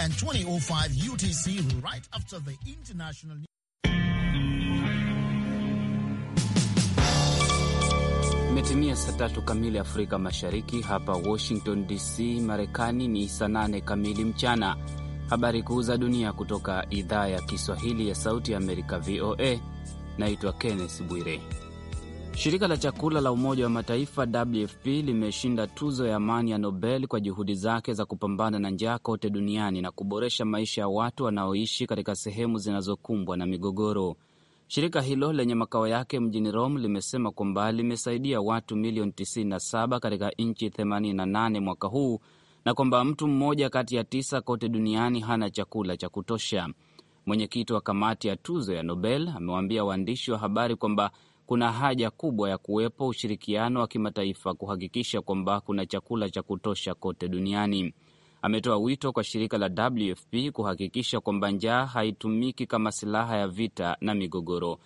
and 2005 UTC right after the international Imetimia saa tatu kamili Afrika Mashariki. Hapa Washington DC, Marekani ni saa nane kamili mchana. Habari kuu za dunia kutoka idhaa ya Kiswahili ya Sauti ya Amerika, VOA. Naitwa Kenneth Bwire. Shirika la chakula la Umoja wa Mataifa WFP limeshinda tuzo ya amani ya Nobel kwa juhudi zake za kupambana na njaa kote duniani na kuboresha maisha ya watu wanaoishi katika sehemu zinazokumbwa na migogoro. Shirika hilo lenye makao yake mjini Rome limesema kwamba limesaidia watu milioni 97 katika nchi 88 mwaka huu na kwamba mtu mmoja kati ya tisa kote duniani hana chakula cha kutosha. Mwenyekiti wa kamati ya tuzo ya Nobel amewaambia waandishi wa habari kwamba kuna haja kubwa ya kuwepo ushirikiano wa kimataifa kuhakikisha kwamba kuna chakula cha kutosha kote duniani. Ametoa wito kwa shirika la WFP kuhakikisha kwamba njaa haitumiki kama silaha ya vita na migogoro.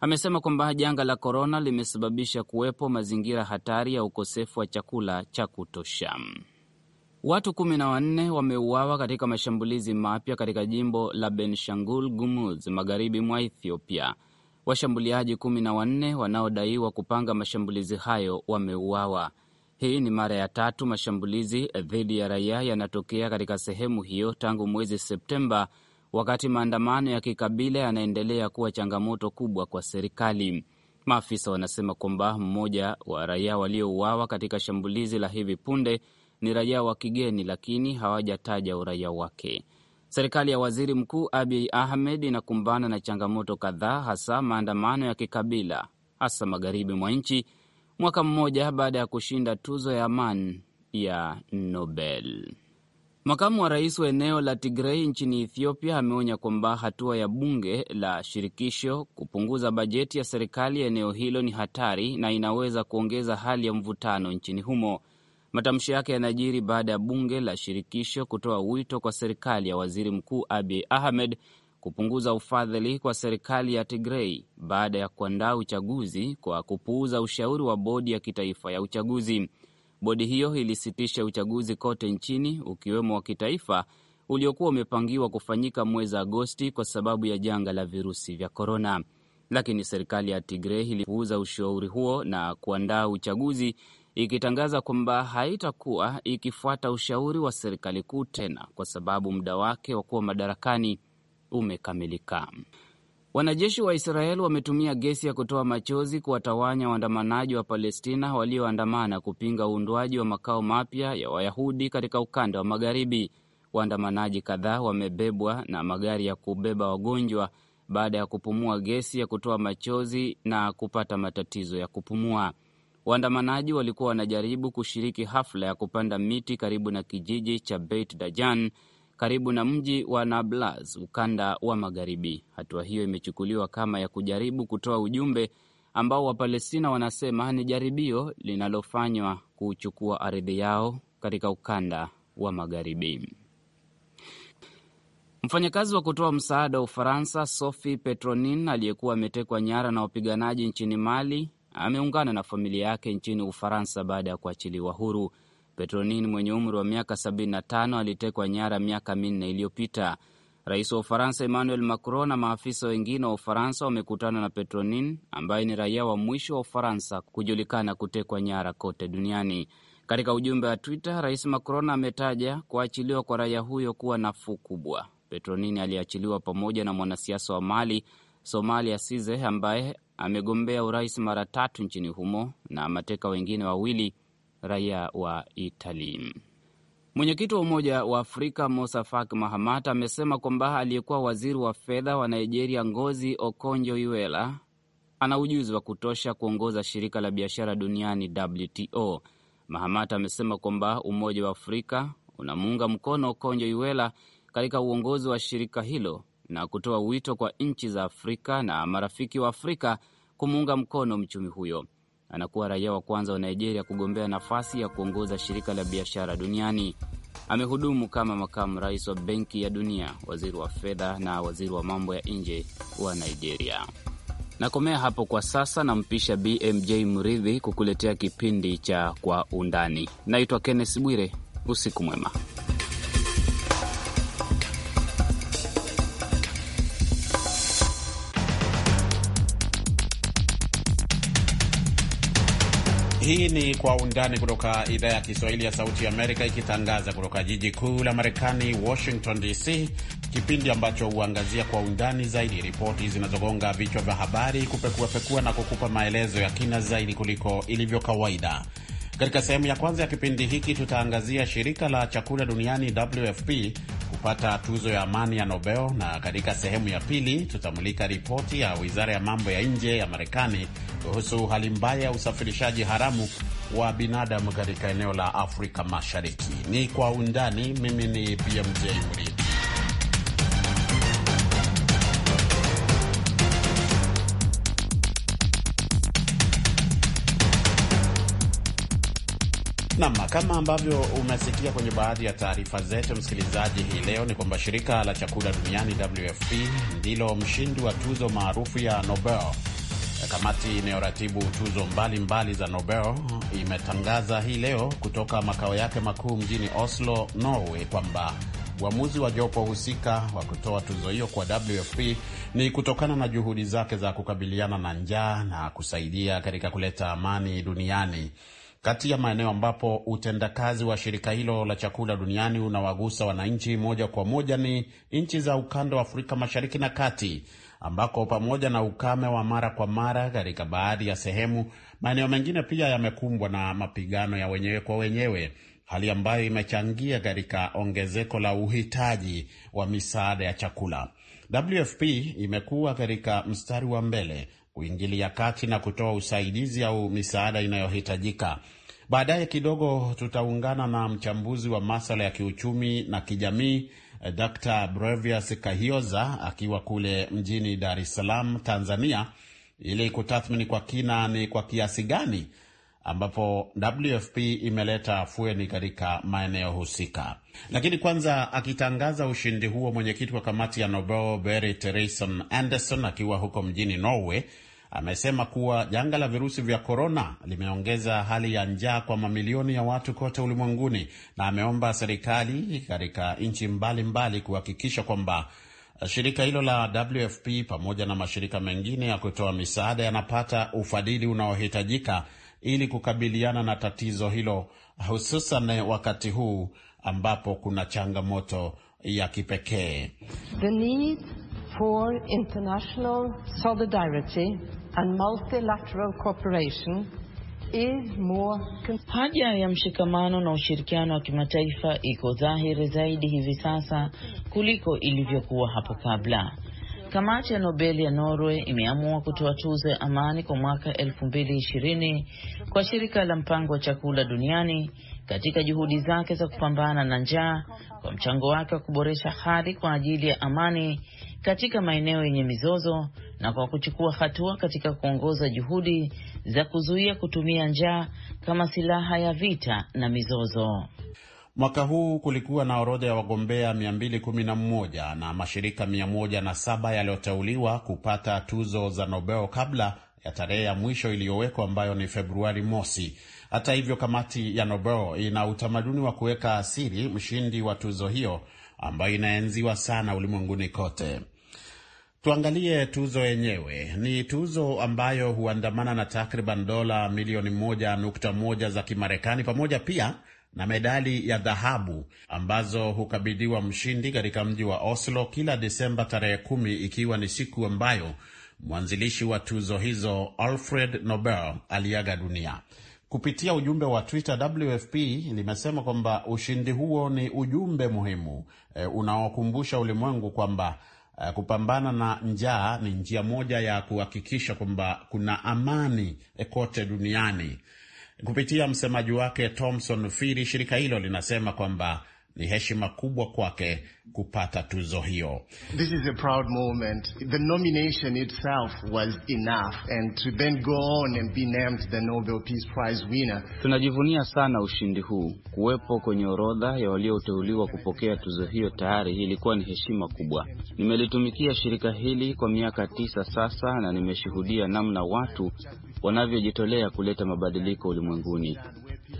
Amesema kwamba janga la korona limesababisha kuwepo mazingira hatari ya ukosefu wa chakula cha kutosha. Watu kumi na wanne wameuawa katika mashambulizi mapya katika jimbo la Benshangul Gumuz, magharibi mwa Ethiopia. Washambuliaji kumi na wanne wanaodaiwa kupanga mashambulizi hayo wameuawa. Hii ni mara ya tatu mashambulizi dhidi ya raia yanatokea katika sehemu hiyo tangu mwezi Septemba, wakati maandamano ya kikabila yanaendelea kuwa changamoto kubwa kwa serikali. Maafisa wanasema kwamba mmoja wa raia waliouawa katika shambulizi la hivi punde ni raia wa kigeni, lakini hawajataja uraia wake. Serikali ya waziri mkuu Abiy Ahmed inakumbana na changamoto kadhaa, hasa maandamano ya kikabila, hasa magharibi mwa nchi, mwaka mmoja baada ya kushinda tuzo ya amani ya Nobel. Makamu wa rais wa eneo la Tigrei nchini Ethiopia ameonya kwamba hatua ya bunge la shirikisho kupunguza bajeti ya serikali ya eneo hilo ni hatari na inaweza kuongeza hali ya mvutano nchini humo. Matamshi yake yanajiri baada ya bunge la shirikisho kutoa wito kwa serikali ya waziri mkuu Abiy Ahmed kupunguza ufadhili kwa serikali ya Tigrei baada ya kuandaa uchaguzi kwa kupuuza ushauri wa bodi ya kitaifa ya uchaguzi. Bodi hiyo ilisitisha uchaguzi kote nchini ukiwemo wa kitaifa uliokuwa umepangiwa kufanyika mwezi Agosti kwa sababu ya janga la virusi vya korona, lakini serikali ya Tigrei ilipuuza ushauri huo na kuandaa uchaguzi ikitangaza kwamba haitakuwa ikifuata ushauri wa serikali kuu tena kwa sababu muda wake wa kuwa madarakani umekamilika. Wanajeshi wa Israeli wametumia gesi ya kutoa machozi kuwatawanya waandamanaji wa Palestina walioandamana kupinga uundwaji wa makao mapya ya Wayahudi katika ukanda wa Magharibi. Waandamanaji kadhaa wamebebwa na magari ya kubeba wagonjwa baada ya kupumua gesi ya kutoa machozi na kupata matatizo ya kupumua. Waandamanaji walikuwa wanajaribu kushiriki hafla ya kupanda miti karibu na kijiji cha Beit Dajan karibu na mji wa Nablus, ukanda wa magharibi. Hatua hiyo imechukuliwa kama ya kujaribu kutoa ujumbe ambao Wapalestina wanasema ni jaribio linalofanywa kuchukua ardhi yao katika ukanda wa magharibi. Mfanyakazi wa kutoa msaada wa Ufaransa Sophie Petronin aliyekuwa ametekwa nyara na wapiganaji nchini Mali ameungana na familia yake nchini Ufaransa baada ya kuachiliwa huru. Petronin mwenye umri wa miaka 75 alitekwa nyara miaka minne iliyopita. Rais wa Ufaransa Emmanuel Macron na maafisa wengine wa Ufaransa wamekutana na Petronin ambaye ni raia wa mwisho wa Ufaransa kujulikana kutekwa nyara kote duniani. Katika ujumbe wa Twitter, Rais Macron ametaja kuachiliwa kwa raia huyo kuwa nafuu kubwa. Petronin aliachiliwa pamoja na mwanasiasa wa Mali Somalia Size ambaye amegombea urais mara tatu nchini humo na mateka wengine wawili raia wa Itali. Mwenyekiti wa Umoja wa Afrika Musa Faki Mahamat amesema kwamba aliyekuwa waziri wa fedha wa Nigeria Ngozi Okonjo Iweala ana ujuzi wa kutosha kuongoza shirika la biashara duniani WTO. Mahamat amesema kwamba Umoja wa Afrika unamuunga mkono Okonjo Iweala katika uongozi wa shirika hilo na kutoa wito kwa nchi za Afrika na marafiki wa Afrika kumuunga mkono mchumi huyo. Anakuwa raia wa kwanza wa Nigeria kugombea nafasi ya kuongoza shirika la biashara duniani. Amehudumu kama makamu rais wa Benki ya Dunia, waziri wa fedha na waziri wa mambo ya nje wa Nigeria. Nakomea hapo kwa sasa, nampisha BMJ Mridhi kukuletea kipindi cha Kwa Undani. Naitwa Kenneth Bwire, usiku mwema. Hii ni Kwa Undani kutoka idhaa ya Kiswahili ya Sauti ya Amerika, ikitangaza kutoka jiji kuu la Marekani, Washington DC, kipindi ambacho huangazia kwa undani zaidi ripoti zinazogonga vichwa vya habari, kupekuapekua na kukupa maelezo ya kina zaidi kuliko ilivyo kawaida. Katika sehemu ya kwanza ya kipindi hiki tutaangazia shirika la chakula duniani WFP kupata tuzo ya amani ya Nobel, na katika sehemu ya pili tutamulika ripoti ya wizara ya mambo ya nje ya Marekani kuhusu hali mbaya ya usafirishaji haramu wa binadamu katika eneo la Afrika Mashariki. Ni kwa undani. Mimi ni BMJ Muridi. Nam, kama ambavyo umesikia kwenye baadhi ya taarifa zetu, msikilizaji, hii leo ni kwamba shirika la chakula duniani WFP ndilo mshindi wa tuzo maarufu ya Nobel. Kamati inayoratibu tuzo mbalimbali mbali za Nobel imetangaza hii leo kutoka makao yake makuu mjini Oslo, Norway, kwamba uamuzi wa jopo husika wa kutoa tuzo hiyo kwa WFP ni kutokana na juhudi zake za kukabiliana na njaa na kusaidia katika kuleta amani duniani kati ya maeneo ambapo utendakazi wa shirika hilo la chakula duniani unawagusa wananchi moja kwa moja ni nchi za ukanda wa Afrika Mashariki na Kati, ambako pamoja na ukame wa mara kwa mara katika baadhi ya sehemu, maeneo mengine pia yamekumbwa na mapigano ya wenyewe kwa wenyewe, hali ambayo imechangia katika ongezeko la uhitaji wa misaada ya chakula. WFP imekuwa katika mstari wa mbele kuingilia kati na kutoa usaidizi au misaada inayohitajika Baadaye kidogo tutaungana na mchambuzi wa masala ya kiuchumi na kijamii eh, Dr. Brevius Kahioza akiwa kule mjini Dar es Salaam, Tanzania, ili kutathmini kwa kina ni kwa kiasi gani ambapo WFP imeleta afueni katika maeneo husika. Lakini kwanza, akitangaza ushindi huo, mwenyekiti wa kamati ya Nobel Berit Reissen anderson akiwa huko mjini Norway amesema kuwa janga la virusi vya korona limeongeza hali ya njaa kwa mamilioni ya watu kote ulimwenguni, na ameomba serikali katika nchi mbalimbali kuhakikisha kwamba shirika hilo la WFP pamoja na mashirika mengine ya kutoa misaada yanapata ufadhili unaohitajika ili kukabiliana na tatizo hilo, hususan wakati huu ambapo kuna changamoto ya kipekee for international solidarity and multilateral cooperation is more. Haja ya mshikamano na ushirikiano wa kimataifa iko dhahiri zaidi hivi sasa kuliko ilivyokuwa hapo kabla. Kamati ya Nobel ya Norway imeamua kutoa tuzo ya amani kwa mwaka 2020 kwa shirika la mpango wa chakula duniani katika juhudi zake za kupambana na njaa kwa mchango wake wa kuboresha hali kwa ajili ya amani katika maeneo yenye mizozo na kwa kuchukua hatua katika kuongoza juhudi za kuzuia kutumia njaa kama silaha ya vita na mizozo. Mwaka huu kulikuwa na orodha ya wagombea 211 na mashirika 107 yaliyoteuliwa kupata tuzo za Nobel kabla ya tarehe ya mwisho iliyowekwa ambayo ni Februari mosi. Hata hivyo, kamati ya Nobel ina utamaduni wa kuweka asiri mshindi wa tuzo hiyo ambayo inaenziwa sana ulimwenguni kote. Tuangalie tuzo yenyewe. Ni tuzo ambayo huandamana na takriban dola milioni moja nukta moja za Kimarekani pamoja pia na medali ya dhahabu ambazo hukabidhiwa mshindi katika mji wa Oslo kila Desemba tarehe kumi, ikiwa ni siku ambayo mwanzilishi wa tuzo hizo Alfred Nobel aliaga dunia. Kupitia ujumbe wa Twitter, WFP limesema kwamba ushindi huo ni ujumbe muhimu e, unaokumbusha ulimwengu kwamba Eh, kupambana na njaa ni njia moja ya kuhakikisha kwamba kuna amani eh, kote duniani. Kupitia msemaji wake Thomson Firi, shirika hilo linasema kwamba ni heshima kubwa kwake kupata tuzo hiyo. This is a proud moment. The nomination itself was enough and to then go on and be named the Nobel Peace Prize winner. Tunajivunia sana ushindi huu. Kuwepo kwenye orodha ya walioteuliwa kupokea tuzo hiyo tayari ilikuwa ni heshima kubwa. Nimelitumikia shirika hili kwa miaka tisa sasa na nimeshuhudia namna watu wanavyojitolea kuleta mabadiliko ulimwenguni.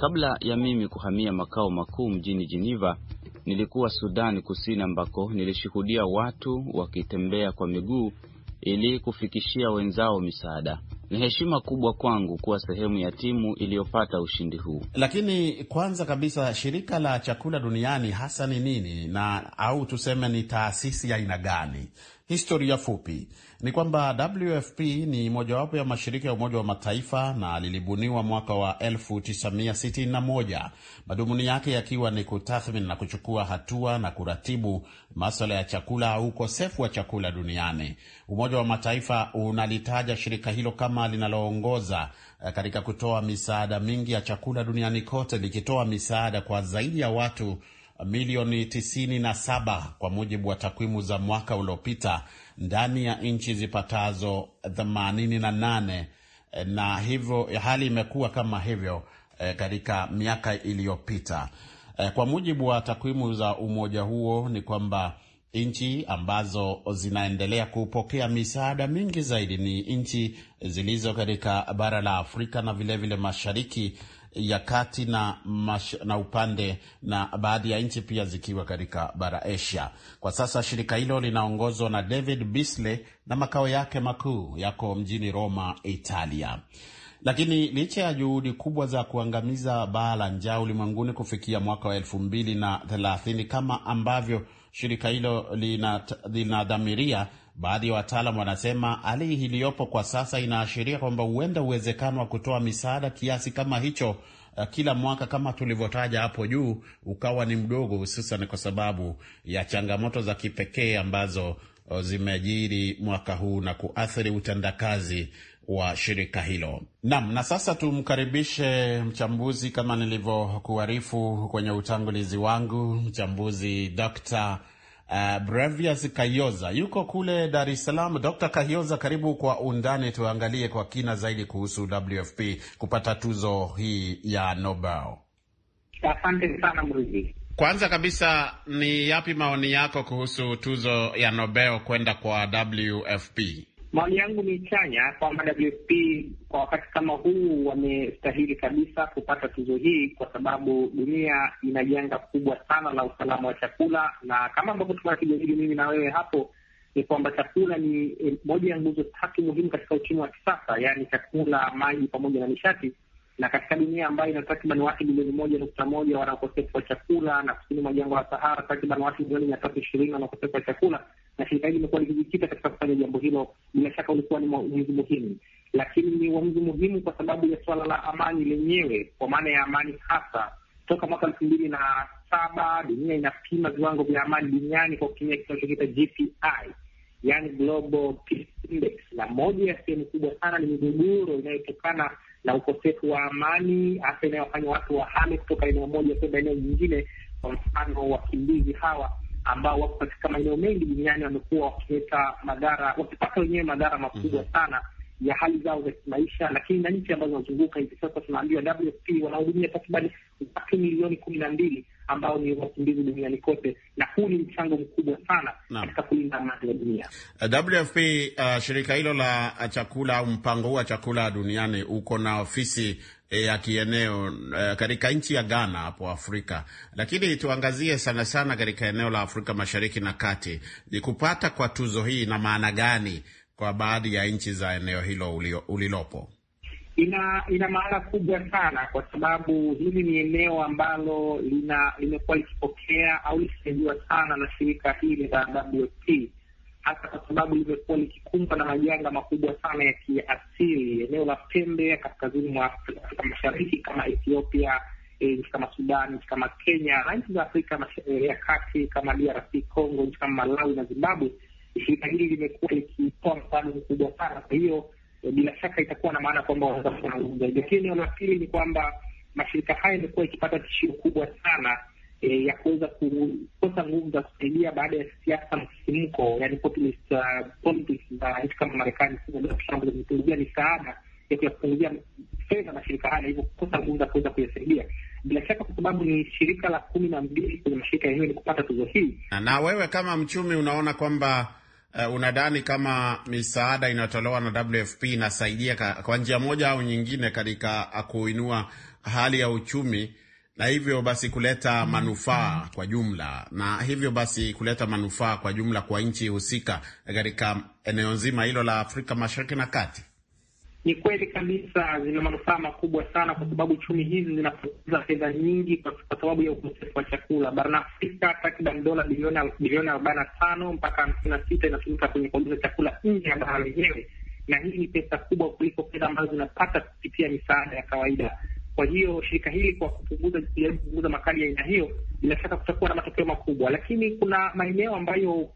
Kabla ya mimi kuhamia makao makuu mjini Geneva, nilikuwa Sudani Kusini ambako nilishuhudia watu wakitembea kwa miguu ili kufikishia wenzao misaada. Ni heshima kubwa kwangu kuwa sehemu ya timu iliyopata ushindi huu. Lakini kwanza kabisa, shirika la chakula duniani hasa ni nini, na au tuseme ni taasisi ya aina gani? Historia fupi ni kwamba WFP ni mojawapo ya mashirika ya Umoja wa Mataifa na lilibuniwa mwaka wa 1961 madhumuni yake yakiwa ni kutathmini na kuchukua hatua na kuratibu maswala ya chakula au ukosefu wa chakula duniani. Umoja wa Mataifa unalitaja shirika hilo kama linaloongoza eh, katika kutoa misaada mingi ya chakula duniani kote, likitoa misaada kwa zaidi ya watu eh, milioni 97 kwa mujibu wa takwimu za mwaka uliopita ndani ya nchi zipatazo 88 eh, na hivyo hali imekuwa kama hivyo eh, katika miaka iliyopita. Eh, kwa mujibu wa takwimu za umoja huo ni kwamba nchi ambazo zinaendelea kupokea misaada mingi zaidi ni nchi zilizo katika bara la Afrika na vilevile vile mashariki ya kati na, mash, na upande na baadhi ya nchi pia zikiwa katika bara Asia. Kwa sasa shirika hilo linaongozwa na David Bisley na makao yake makuu yako mjini Roma, Italia. Lakini licha ya juhudi kubwa za kuangamiza baa la njaa ulimwenguni kufikia mwaka wa elfu mbili na thelathini kama ambavyo shirika hilo linadhamiria lina Baadhi ya wataalam wanasema hali iliyopo kwa sasa inaashiria kwamba huenda uwezekano wa kutoa misaada kiasi kama hicho eh, kila mwaka kama tulivyotaja hapo juu ukawa ni mdogo, hususan kwa sababu ya changamoto za kipekee ambazo eh, zimejiri mwaka huu na kuathiri utendakazi wa shirika hilo. Naam, na sasa tumkaribishe mchambuzi, kama nilivyokuarifu kwenye utangulizi wangu, mchambuzi Dr. Uh, Brevius Kayoza yuko kule Dar es Salaam. Dr. Kayoza, karibu kwa undani, tuangalie kwa kina zaidi kuhusu WFP kupata tuzo hii ya Nobel. Asante sana Mruzi. Kwanza kabisa ni yapi maoni yako kuhusu tuzo ya Nobel kwenda kwa WFP? Maoni yangu ni chanya kwamba WFP kwa wakati kama huu wamestahili kabisa kupata tuzo hii, kwa sababu dunia ina janga kubwa sana la usalama wa chakula, na kama ambavyo tunakijadili mimi na wewe hapo ni kwamba chakula ni moja ya nguzo tatu muhimu katika uchumi wa kisasa, yaani chakula, maji pamoja na nishati. Na katika dunia ambayo ina takriban watu milioni moja nukta moja wanaokosefu wa chakula, na kusini mwa jangwa la Sahara takriban watu milioni mia tatu ishirini wanaokosefu wa chakula na shirika hili limekuwa likijikita katika kufanya jambo hilo, bila shaka ulikuwa ni uamuzi muhimu, lakini ni uamuzi muhimu kwa sababu ya suala la amani lenyewe, kwa maana ya amani hasa toka mwaka elfu mbili na saba dunia inapima viwango vya amani duniani kwa kutumia kitu kinachokiita GPI, yani Global Peace Index, na moja ya sehemu kubwa sana ni migogoro inayotokana na ukosefu wa amani, hasa inayofanya watu wahame kutoka eneo moja kwenda eneo nyingine. Kwa mfano, wakimbizi hawa ambao wako katika maeneo mengi duniani wamekuwa wakileta madhara, wakipata wenyewe madhara makubwa mm -hmm. sana ya hali zao za kimaisha, lakini na nchi ambazo wanazunguka hivi sasa tunaambiwa WFP wanahudumia takribani watu milioni kumi na mbili ambao ni wakimbizi duniani kote, na huu ni mchango mkubwa sana katika kulinda amani ya dunia. Eh, WFP uh, eh, shirika hilo la chakula au mpango huu wa chakula duniani uko na ofisi Eh, ya kieneo e, katika nchi ya Ghana hapo Afrika, lakini tuangazie sana sana katika eneo la Afrika Mashariki na Kati. Ni kupata kwa tuzo hii ina maana gani kwa baadhi ya nchi za eneo hilo ulilopo? Ina ina maana kubwa sana, kwa sababu hili ni eneo ambalo lina limekuwa likipokea au likisaidiwa sana na shirika hili la WFP hasa kwa sababu limekuwa likikumbwa na majanga makubwa sana ya kiasili, eneo la pembe ya kaskazini mwa Afrika Mashariki kama Ethiopia, eh, nchi kama Sudan, nchi kama Kenya na nchi za Afrika eh, ya Kati kama DRC Congo, nchi kama Malawi na Zimbabwe. Shirika hili limekuwa likitoa mfano mkubwa sana, kwa hiyo eh, bila shaka itakuwa na maana kwamba wanaweza kuzungumza. Lakini eneo la pili ni kwamba mashirika haya yamekuwa ikipata tishio kubwa sana e, ya kuweza kukosa nguvu za kusaidia baada ya siasa msisimko, yani populist uh, politics za nchi kama Marekani, zimepunguzia misaada ya kuyapunguzia fedha mashirika haya, hivyo kukosa nguvu za kuweza kuyasaidia. Bila shaka, kwa sababu ni shirika la kumi na mbili kwenye mashirika yenyewe ni kupata tuzo hii. Na wewe kama mchumi unaona kwamba Uh, unadhani kama misaada inayotolewa na WFP inasaidia kwa njia moja au nyingine katika kuinua hali ya uchumi na hivyo basi kuleta mm-hmm. manufaa mm-hmm. kwa jumla, na hivyo basi kuleta manufaa kwa jumla kwa nchi husika katika eneo nzima hilo la Afrika Mashariki na Kati. Ni kweli kabisa, zina manufaa makubwa sana, kwa sababu chumi hizi zinapunguza fedha nyingi kwa sababu ya ukosefu wa chakula. Barani Afrika takriban dola bilioni arobaini na tano mpaka hamsini na sita inatumika kwenye kuongeza chakula nje ya bara lenyewe, na hii ni pesa kubwa kuliko fedha ambazo zinapata kupitia misaada ya kawaida. Kwa hiyo shirika hili kwa kupunguza, jaribu kupunguza makali ya aina hiyo, bila shaka kutakuwa na matokeo makubwa, lakini kuna maeneo ambayo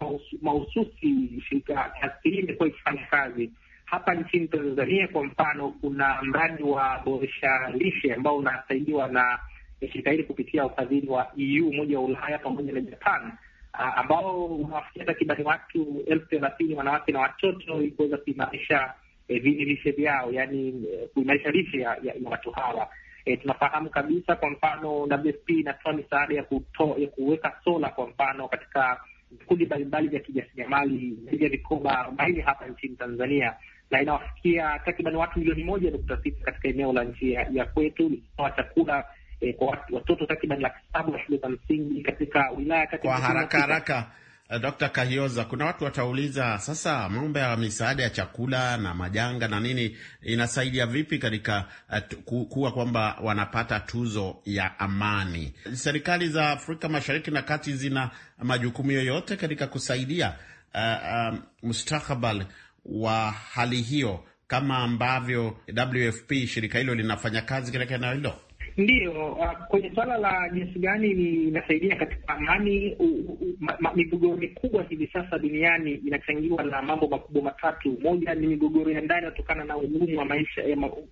mahususi shirika taasisi hii imekuwa ikifanya kazi hapa nchini Tanzania. Kwa mfano, kuna mradi wa boresha lishe ambao unasaidiwa na shirika hili kupitia ufadhili wa EU, Umoja wa Ulaya pamoja na Japan ambao unawafikia takribani watu elfu thelathini wanawake na watoto ili kuweza kuimarisha eh, lishe vyao, yaani kuimarisha lishe ya watu hawa. E, tunafahamu kabisa kwa mfano WFP inatoa misaada ya ya kuweka sola kwa mfano katika vikundi mbalimbali vya kijasiriamali zaidi ya vikoba arobaini hapa nchini Tanzania na inawafikia takriban watu milioni moja nukta sita katika eneo la nchi ya, ya kwetu likitoa chakula eh, kwa watoto takriban laki saba wa shule za msingi katika wilaya. Kwa haraka haraka Eh, Dr. Kahioza, kuna watu watauliza sasa, mambo ya misaada ya chakula na majanga na nini inasaidia vipi katika uh, kuwa kwamba wanapata tuzo ya amani? Serikali za Afrika Mashariki na Kati zina majukumu yoyote katika kusaidia uh, um, mustakabali wa hali hiyo kama ambavyo WFP shirika hilo linafanya kazi katika eneo hilo? Ndiyo, uh, kwenye suala la jinsi gani inasaidia katika amani, migogoro mikubwa hivi sasa duniani inachangiwa na mambo makubwa matatu. Moja ni migogoro ya ndani inatokana na ugumu wa maisha,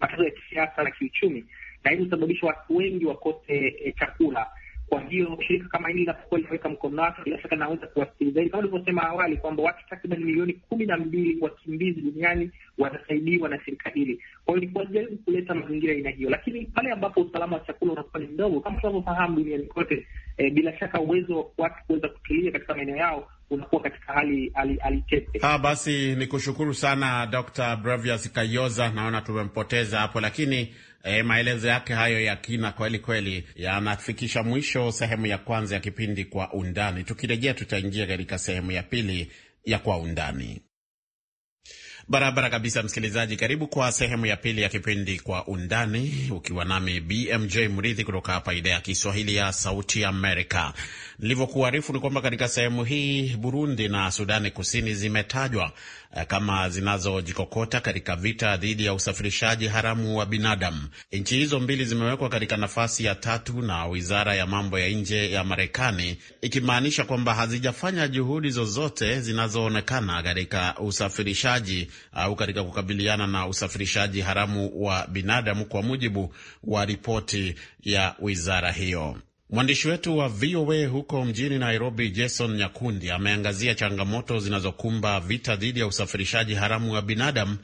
matatizo ya kisiasa na kiuchumi, na hii husababisha watu wengi wakose eh, chakula kwa hiyo shirika kama hili linapokuwa linaweka mkono wake, bila shaka linaweza kuwasikiliza, kama ulivyosema awali kwamba watu takriban milioni kumi na mbili wakimbizi duniani wanasaidiwa na shirika hili. Kwa hiyo ni kuwajaribu kuleta mazingira aina hiyo, lakini pale ambapo usalama wa chakula unakuwa ni mdogo, kama tunavyofahamu duniani kote, eh, bila shaka uwezo watu kuweza kutulia katika maeneo yao unakuwa katika hali hali tete. Ha, ah, basi ni kushukuru sana Dr. Bravias Kayoza, naona tumempoteza hapo, lakini E, maelezo yake hayo ya kina kweli kweli yanafikisha mwisho sehemu ya kwanza ya kipindi Kwa Undani. Tukirejea tutaingia katika sehemu ya pili ya Kwa Undani. Barabara kabisa, msikilizaji, karibu kwa sehemu ya pili ya kipindi Kwa Undani, ukiwa nami BMJ Mridhi kutoka hapa idhaa ya Kiswahili ya Sauti Amerika. Nilivyokuarifu ni kwamba katika sehemu hii Burundi na Sudani Kusini zimetajwa Eh, kama zinazojikokota katika vita dhidi ya usafirishaji haramu wa binadamu. Nchi hizo mbili zimewekwa katika nafasi ya tatu na wizara ya mambo ya nje ya Marekani, ikimaanisha kwamba hazijafanya juhudi zozote zinazoonekana katika usafirishaji au katika kukabiliana na usafirishaji haramu wa binadamu, kwa mujibu wa ripoti ya wizara hiyo. Mwandishi wetu wa VOA huko mjini Nairobi, Jason Nyakundi, ameangazia changamoto zinazokumba vita dhidi ya usafirishaji haramu wa binadamu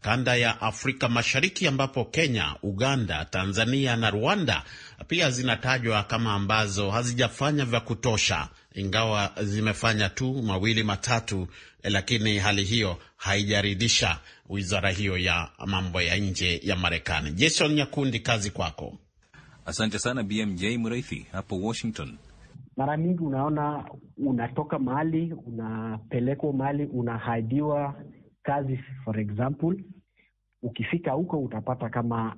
kanda ya Afrika Mashariki, ambapo Kenya, Uganda, Tanzania na Rwanda pia zinatajwa kama ambazo hazijafanya vya kutosha, ingawa zimefanya tu mawili matatu, lakini hali hiyo haijaridhisha wizara hiyo ya mambo ya nje ya Marekani. Jason Nyakundi, kazi kwako. Asante sana BMJ Mraithi hapo Washington. Mara nyingi unaona unatoka mahali unapelekwa mahali unahaidiwa kazi, for example, ukifika huko utapata kama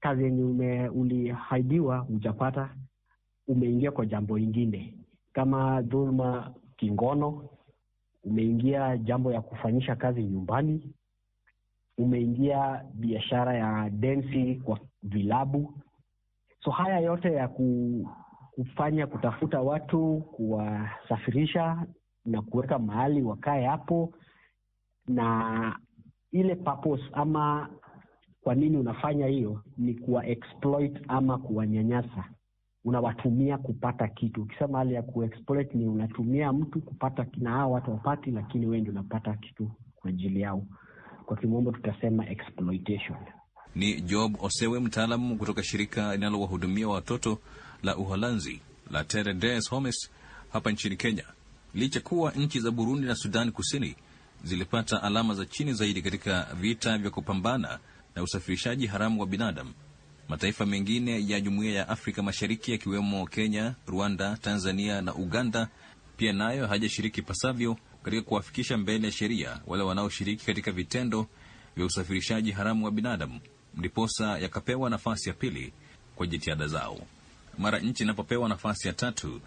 kazi yenye ulihaidiwa hujapata, umeingia kwa jambo ingine kama dhuluma kingono, umeingia jambo ya kufanyisha kazi nyumbani, umeingia biashara ya densi kwa vilabu So haya yote ya kufanya kutafuta watu, kuwasafirisha na kuweka mahali wakae hapo, na ile purpose ama kwa nini unafanya hiyo ni kuwa exploit ama kuwanyanyasa, unawatumia kupata kitu. Ukisema hali ya kuexploit ni unatumia mtu kupata, na hao watu wapati, lakini wewe ndio unapata kitu kwa ajili yao. Kwa kimombo tutasema exploitation ni Job Osewe, mtaalamu kutoka shirika linalowahudumia watoto la Uholanzi la Teredes Homes hapa nchini Kenya. Licha kuwa nchi za Burundi na sudani Kusini zilipata alama za chini zaidi katika vita vya kupambana na usafirishaji haramu wa binadamu, mataifa mengine ya Jumuiya ya Afrika Mashariki yakiwemo Kenya, Rwanda, Tanzania na Uganda pia nayo hajashiriki pasavyo katika kuwafikisha mbele ya sheria wale wanaoshiriki katika vitendo vya usafirishaji haramu wa binadamu ndiposa yakapewa nafasi ya pili kwa jitihada zao. Mara nchi inapopewa nafasi ya tatu,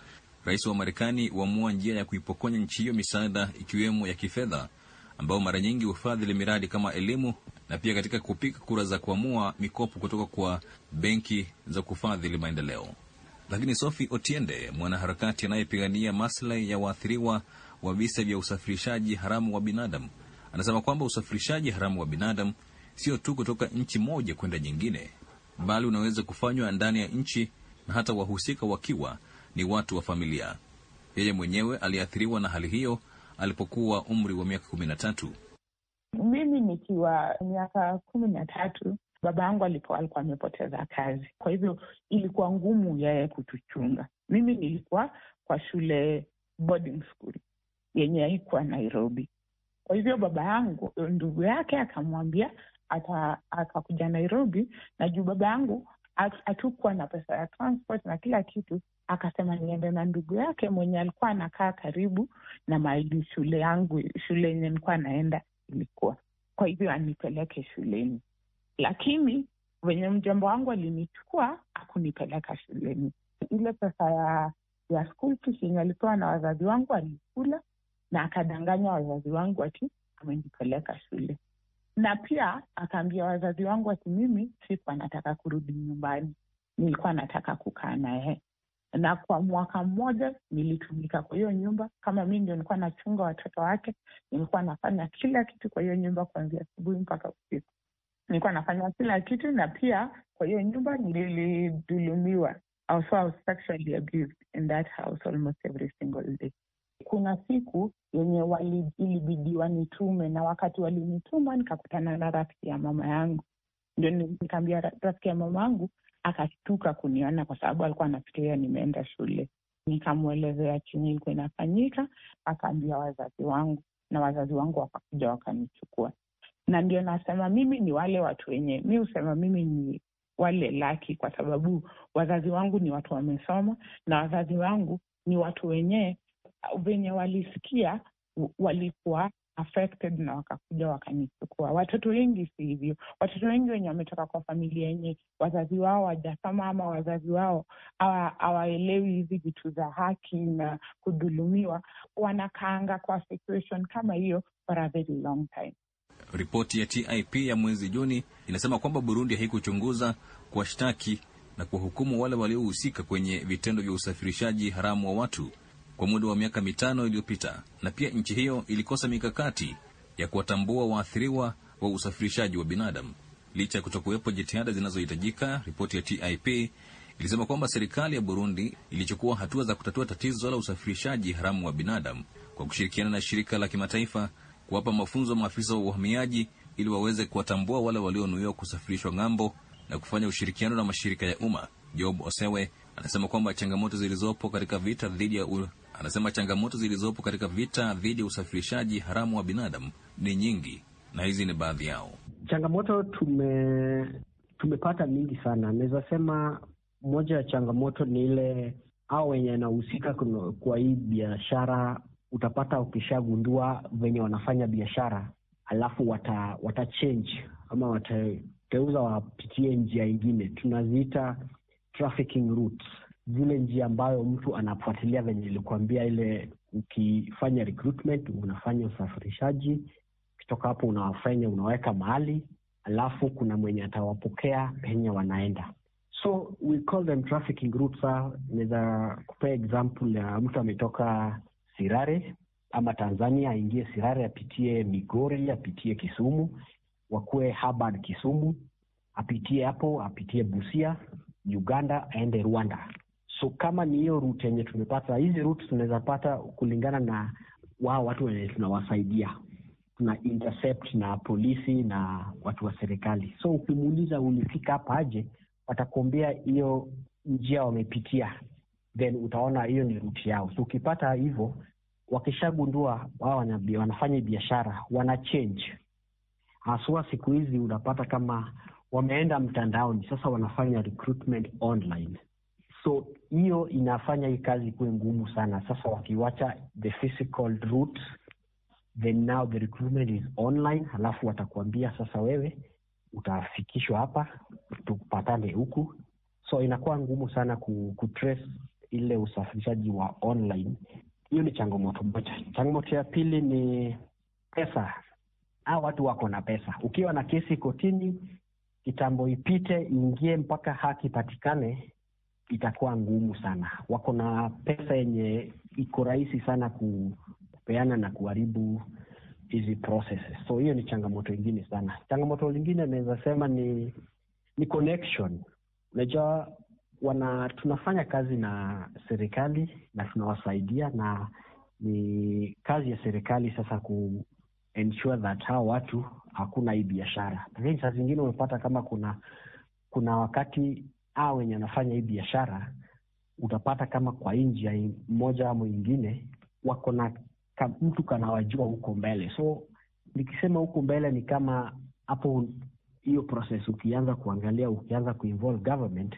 rais wa Marekani huamua njia ya kuipokonya nchi hiyo misaada, ikiwemo ya kifedha, ambao mara nyingi hufadhili miradi kama elimu na pia katika kupiga kura za kuamua mikopo kutoka kwa benki za kufadhili maendeleo. Lakini Sophie Otiende, mwanaharakati anayepigania maslahi ya waathiriwa wa visa vya usafirishaji haramu wa binadamu, anasema kwamba usafirishaji haramu wa binadamu sio tu kutoka nchi moja kwenda nyingine, bali unaweza kufanywa ndani ya nchi na hata wahusika wakiwa ni watu wa familia. Yeye mwenyewe aliathiriwa na hali hiyo alipokuwa umri wa miaka kumi na tatu. Mimi nikiwa miaka kumi na tatu baba yangu alikuwa alikuwa amepoteza kazi, kwa hivyo ilikuwa ngumu yeye kutuchunga. Mimi nilikuwa kwa shule boarding school yenye haikuwa Nairobi. Kwa hivyo baba yangu ndugu yake akamwambia akakuja Nairobi, na juu baba yangu hatukuwa na pesa ya transport na kila kitu, akasema niende na ndugu yake mwenye alikuwa anakaa karibu na mahali shule yangu, shule yenye nilikuwa naenda ilikuwa, kwa hivyo anipeleke shuleni, lakini venye mjomba wangu alinichukua akunipeleka shuleni. Ile pesa ya ya school fees yenye alipewa na wazazi wangu alikula, na akadanganya wazazi wangu ati amenipeleka shule na pia akaambia wazazi wangu ati mimi sikuwa nataka kurudi nyumbani, nilikuwa nataka kukaa naye na kwa mwaka mmoja nilitumika kwa hiyo nyumba. Kama mi ndio nilikuwa nachunga watoto wake, nilikuwa nafanya kila kitu kwa hiyo nyumba, kuanzia asubuhi mpaka usiku nilikuwa nafanya kila kitu. Na pia kwa hiyo nyumba nilidhulumiwa, I was sexually abused in that house almost every single day. Kuna siku yenye ilibidiwa nitume na wakati walinituma nikakutana na rafiki ya mama yangu, ndio nikaambia rafiki ya mama yangu, akashtuka kuniona kwa sababu alikuwa anafikiria nimeenda shule. Nikamwelezea chenye ilikuwa inafanyika, akaambia wazazi wangu, na wazazi wangu wakakuja wakanichukua. Na ndio nasema mimi ni wale watu wenye mi husema mimi ni wale laki, kwa sababu wazazi wangu ni watu wamesoma, na wazazi wangu ni watu wenyewe venye walisikia walikuwa affected na wakakuja wakanichukua. Watoto wengi si hivyo. Watoto wengi wenye wametoka kwa familia yenye wazazi wao wajasoma ama wazazi wao hawaelewi hizi vitu za haki na kudhulumiwa, wanakaanga kwa situation kama hiyo for a very long time. Ripoti ya TIP ya mwezi Juni inasema kwamba Burundi haikuchunguza kuwashtaki na kuwahukumu wale waliohusika kwenye vitendo vya usafirishaji haramu wa watu kwa muda wa miaka mitano iliyopita, na pia nchi hiyo ilikosa mikakati ya kuwatambua waathiriwa wa usafirishaji wa binadamu. Licha ya kutokuwepo jitihada zinazohitajika, ripoti ya TIP ilisema kwamba serikali ya Burundi ilichukua hatua za kutatua tatizo la usafirishaji haramu wa binadamu kwa kushirikiana na shirika la kimataifa kuwapa mafunzo maafisa wa uhamiaji ili waweze kuwatambua wale walionuiwa kusafirishwa ng'ambo na kufanya ushirikiano na mashirika ya umma. Job Osewe anasema kwamba changamoto zilizopo katika vita dhidi ya Anasema changamoto zilizopo katika vita dhidi ya usafirishaji haramu wa binadamu ni nyingi, na hizi ni baadhi yao. Changamoto tume tumepata mingi sana. Naweza sema moja ya changamoto ni ile au wenye anahusika kwa hii biashara, utapata ukishagundua venye wanafanya biashara alafu wata, wata change ama watateuza wapitie njia ingine, tunaziita trafficking routes zile njia ambayo mtu anafuatilia venye ilikuambia ile ukifanya recruitment unafanya usafirishaji, ukitoka hapo unawafanya unaweka mahali, alafu kuna mwenye atawapokea penye wanaenda so we call them trafficking routes. Naweza kupea example ya mtu ametoka Sirare ama Tanzania, aingie Sirare, apitie Migori, apitie Kisumu, wakuwe Habad Kisumu, apitie hapo, apitie Busia Uganda, aende Rwanda. So kama ni hiyo route yenye tumepata, hizi routes tunaweza pata kulingana na wao watu wenye tunawasaidia tuna intercept na polisi na watu wa serikali. So ukimuuliza ulifika hapa aje, watakuambia hiyo njia wamepitia, then utaona hiyo ni ruti yao. So ukipata hivyo, wakishagundua wao wanafanya biashara, wana change haswa. Siku hizi unapata kama wameenda mtandaoni, sasa wanafanya recruitment online So hiyo inafanya hii kazi ikuwe ngumu sana. Sasa wakiwacha the physical route, then now the recruitment is online, halafu watakuambia sasa, wewe utafikishwa hapa, tupatane huku. So inakuwa ngumu sana kutrace ile usafirishaji wa online. Hiyo ni changamoto moja. Changamoto ya pili ni pesa. a watu wako na pesa. Ukiwa na kesi kotini, kitambo ipite, ingie mpaka haki patikane, itakuwa ngumu sana. Wako na pesa yenye iko rahisi sana kupeana na kuharibu hizi processes. So hiyo ni changamoto ingine sana. Changamoto lingine naweza sema ni ni connection. Unajua wana tunafanya kazi na serikali na tunawasaidia, na ni kazi ya serikali sasa ku ensure that hao watu hakuna hii biashara, lakini saa zingine umepata kama kuna kuna wakati au wenye wanafanya hii biashara, utapata kama kwa njia moja ama nyingine wako na mtu kanawajua huko mbele. So nikisema huko mbele ni kama hapo hiyo process ukianza kuangalia, ukianza kuinvolve government,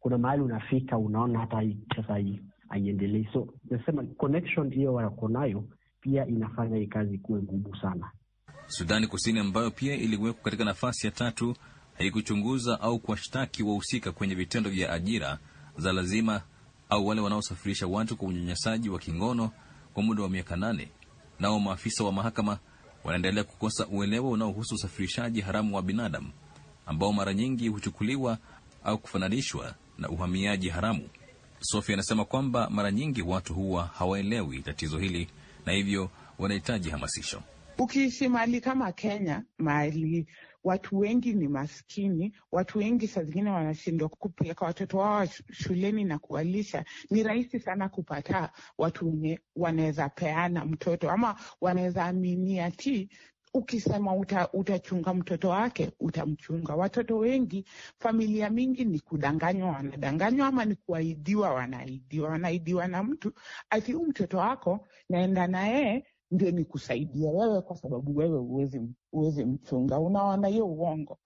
kuna mahali unafika unaona hata sasa haiendelei. So nasema connection hiyo wako nayo pia inafanya hii kazi kuwe ngumu sana. Sudani Kusini ambayo pia iliwekwa katika nafasi ya tatu haikuchunguza au kuwashtaki wahusika kwenye vitendo vya ajira za lazima au wale wanaosafirisha watu kwa unyanyasaji wa kingono kwa muda wa miaka nane. Nao maafisa wa mahakama wanaendelea kukosa uelewa unaohusu usafirishaji haramu wa binadamu ambao mara nyingi huchukuliwa au kufananishwa na uhamiaji haramu. Sophie anasema kwamba mara nyingi watu huwa hawaelewi tatizo hili na hivyo wanahitaji hamasisho. Ukiishi mahali kama Kenya, mahali watu wengi ni maskini, watu wengi saa zingine wanashindwa kupeleka watoto wao shuleni na kuwalisha. Ni rahisi sana kupata watu wanaweza peana mtoto ama wanaweza aminia ti ukisema uta, utachunga mtoto wake utamchunga. Watoto wengi, familia mingi ni kudanganywa, wanadanganywa ama ni kuahidiwa, wanaahidiwa, wanaahidiwa na mtu ati huu mtoto wako naenda na yeye ndio ni kusaidia wewe, kwa sababu wewe huwezi huwezi mchunga, unaona hiyo uongo.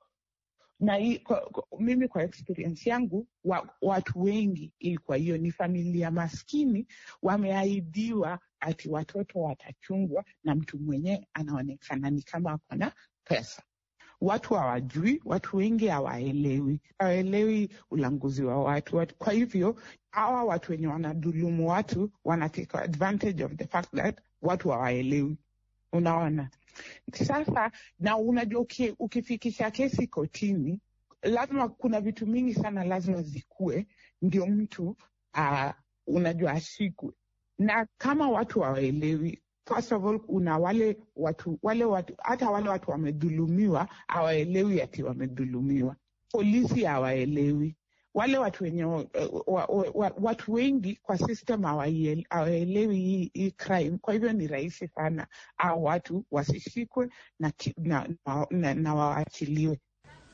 Na hi, kwa, kwa, mimi kwa experience yangu wa, watu wengi ilikuwa hiyo, ni familia maskini wameahidiwa ati watoto watachungwa na mtu mwenye anaonekana ni kama ako na pesa. Watu hawajui, watu wengi hawaelewi, hawaelewi ulanguzi wa watu, watu. Kwa hivyo hawa watu wenye wanadhulumu watu wana advantage of the fact that watu hawaelewi, unaona. Sasa na unajua, ukifikisha kesi kotini, lazima kuna vitu mingi sana lazima zikue, ndio mtu uh, unajua ashikwe, na kama watu hawaelewi First of all, kuna wale watu wale watu hata wale watu wamedhulumiwa hawaelewi ati wamedhulumiwa. Polisi hawaelewi, wale watu wenye wa, wa, wa, watu wengi kwa system hawaelewi hii, hii crime. Kwa hivyo ni rahisi sana au watu wasishikwe na, na, na, na, na waachiliwe.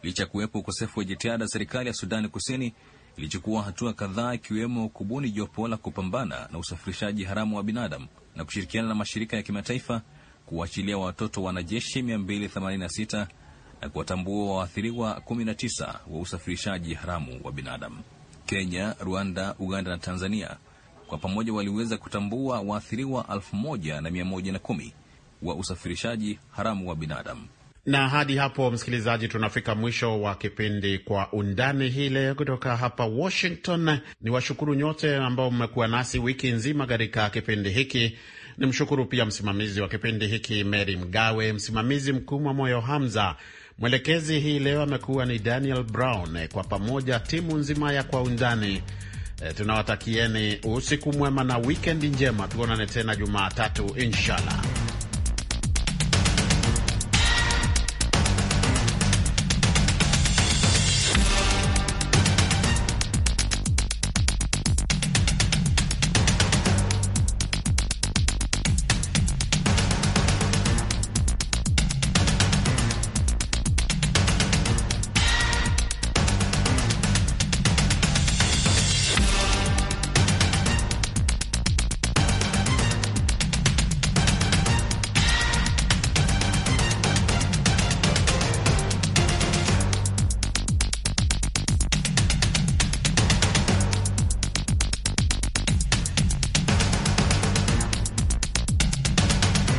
Licha ya kuwepo ukosefu wa jitihada, serikali ya Sudani Kusini ilichukua hatua kadhaa ikiwemo kubuni jopo la kupambana na usafirishaji haramu wa binadamu na kushirikiana na mashirika ya kimataifa kuwachilia watoto wanajeshi 286 na kuwatambua waathiriwa 19 wa usafirishaji haramu wa binadamu. Kenya, Rwanda, Uganda na Tanzania kwa pamoja waliweza kutambua waathiriwa 1110 wa usafirishaji haramu wa binadamu. Na hadi hapo, msikilizaji, tunafika mwisho wa kipindi Kwa Undani hii leo kutoka hapa Washington. Ni washukuru nyote ambao mmekuwa nasi wiki nzima katika kipindi hiki. Ni mshukuru pia msimamizi wa kipindi hiki Mary Mgawe, msimamizi mkuu Mwamoyo Hamza. Mwelekezi hii leo amekuwa ni Daniel Brown. Eh, kwa pamoja timu nzima ya Kwa Undani e, tunawatakieni usiku mwema na wikendi njema. Tuonane tena Jumatatu inshallah.